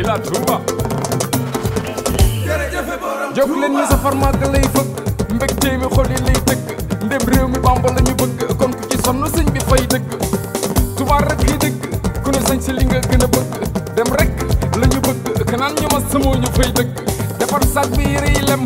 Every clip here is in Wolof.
di la Touba. jóg lay fëgg mbégte mi xol lay tëgg ndem réew mi Bàmba la bëgg kon ku ci sonn sëñ bi fay dëgg. tubaar rek yi dëgg ku ne sañ si li nga gën bëgg dem rek la bëgg kanaan ñu ma samoo ñu fay dëgg defar saag bi yére yi lem.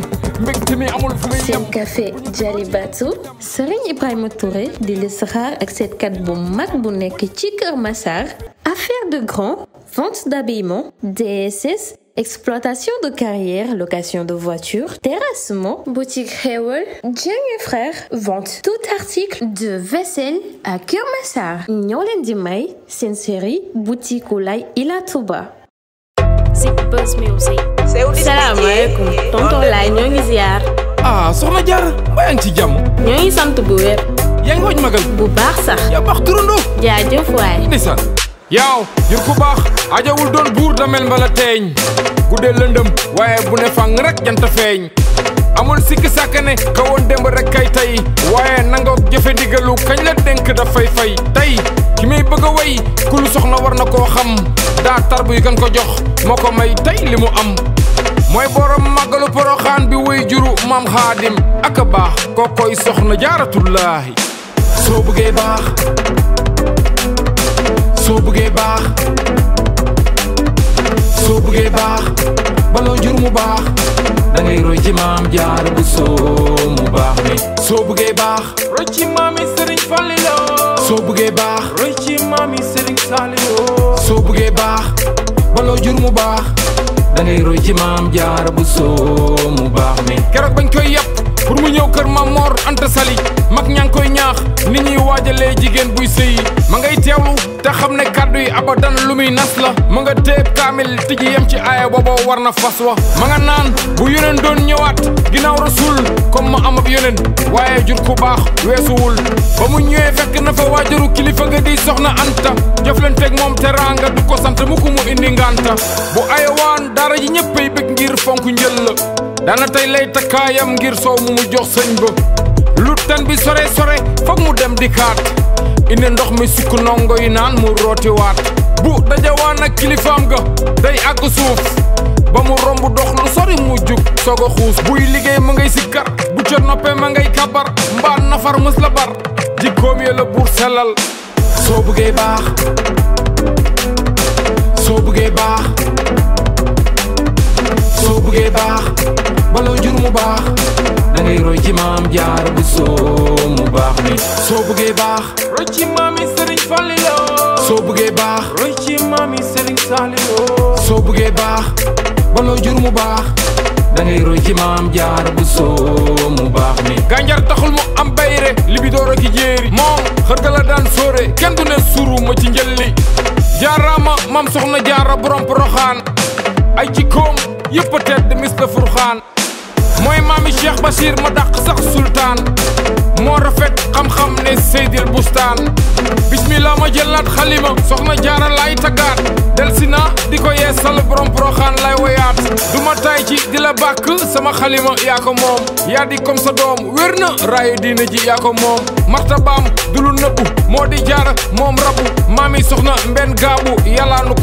seen café Jalibatu Serigne Ibrahima Touré di lis ak seetkat bu mag bu nekk ci Kër Massar Affaires de grands, vente d'habillement, DSS, exploitation de carrière, location de voitures, terrassement, boutique Hewell, Jane et frères, vente. Tout article de vaisselle à Kermassar, Nyolendimai, série boutique Olay Ilatuba. Zik Buzz Salam alaikum. Tonton la ñoo ziar. Ah, soxna Diar, mbaa ngi ci jàmm. ñoo ngi sant bu wér. yaa ngi waaj magal. bu baax sax. yaa baax turandoo. jaajëf waay. ndeysaan. yow jur ku baax ajawul doon buur da mel mbala teeñ guddee lëndëm waaye bu ne fang rek jant feeñ amoon ka sàkkane kawoon démb rek kay tey waaye nangoo jëfe ndigalu kañ la dénk da fay tey ki may bëgg a way ku lu soxna war na koo xam daa tarbu yi kan ko jox moo ko may tey li mu am mooy borom màggalu poroxaan bi woy juru maam xaadim ak a baax koo koy soxna jaaratullaahi soo bëggee baax soo bëggee baax soo bëggee baax baloo jur mu baax da ngay roy ci maam jaar bu soo mu baax mi soo bëggee baax roy ci maami Sëriñ Fallilu soo bëggee baax roy ci maami Sëriñ Saalilu soo bëggee baax baloo jur mu baax da ngay roy ci maam jaar bu soo mu baax mi keroog bañ koy yàpp pour mu ñëw kër ma mor ante sali mag ñang koy ñaax ni ñuy waajalee jigéen buy sëyi ma ngay teewlu te xam ne kàddu yi abadan lu muy nas la ma nga téeb kaamil tiji yem ci aaya bobo war na fas wa ma nga naan bu yoneen doon ñëwaat ginaaw rasul comme ma am ab yoneen waaye jur ku baax weesuwul ba mu ñëwee fekk na fa waajuru kilifa nga di soxna anta jëflanteeg moom teraanga du ko sant mu ko mu indi nganta bu waan dara ji ñëppay bëgg ngir fonk njël la dana tey lay takkaayam ngir soow mu mu jox sëñ ba lu tan bi sore sore foog mu dem di kaat indi ndox mi sukk ndongo yi naan mu rooti waat bu dajawaan ak kilifaam ga day àgg suuf ba mu romb dox lu sori mu jug soog a xuus buy liggéey ma ngay sikkar bu ca noppee ma ngay kabar mbaa nafar mës la bar jikkoom ya la buur sellal soo bëggee baax soo bëggee baax soo bëggee baax baloo jur mu baax da ngay roy ci maam jaar bu soo mu baax mi soo bëggee baax roy ci maam yi sëriñ Falliloo soo bëggee baax roy ci maam soo bëggee baax baloo jur mu baax da ngay roy ci maam jaar bu soo mu baax mi gànjar taxul mu am bayre li bi door jéeri moom xërga daan sóore kenn ne suru ma ci njëlli jaaraama mam soxna jaara borom poroxaan ay jikkoom yëpp a tedd Mister Furxaan mooy maami Cheikh Bachir ma dàq sax sultaan moo rafet xam-xam ne Seydil Bustaan bismillah ma jëlaat xalima soxna jaara laay taggaat delsi na di ko yeesal borom proxaan lay woyaat du ma tay ci di bàkk sama xalima yaa ko moom yaa di comme sa doom wér na raayu diina ji yaa ko moom martabaam du lu nëbbu moo di jaara moom rabu maami soxna mbenn gaabu yàlla nu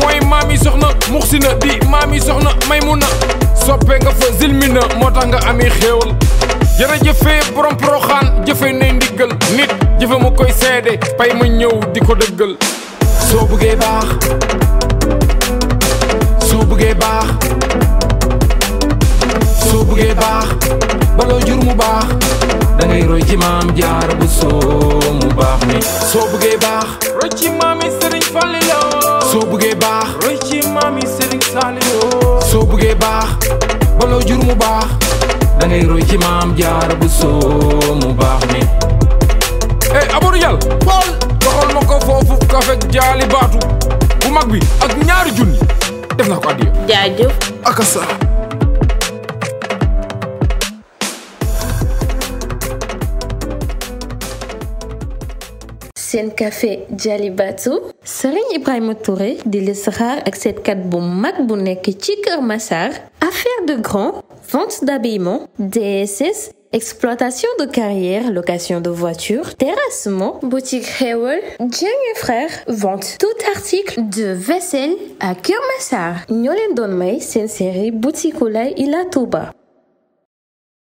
mooy maami soxna muxsina di maami soxna maymuna soppe nga fa zilmina moo tax nga amee xéewal jërëjëfee borom poroxaan jëfe ne ndiggal nit jëfe mu koy seede pay ma ñëw di ko dëggal soo bëggee baax soo bëggee baax ba bëggee baax baloo jur mu baax da ngay roy ci maam jaar bu soo mu baax mi soo bëggee baax roy ci maami sëriñ soo bëggee baax roy ci maami sëriñ Saliou soo bëggee baax ba loo jur mu baax da ngay roy ci maam jaara bu soo mu baax mi ey eh, Amadou Yàlla xool doxal ma ko foofu kafe jaali baatu bu mag bi ak ñaari junni def naa ko addiya jaajëf akasa un café Jalibatu Serigne Ibrahima Touré di Rare avec cette carte bu bon Massar affaire de grand vente d'habillement DSS exploitation de carrière, location de voitures, terrassement, boutique Hewell, Jeng et frère, vente tout article de vaisselle à Kermassar. Nyolen Donmay, c'est une série Boutique Ila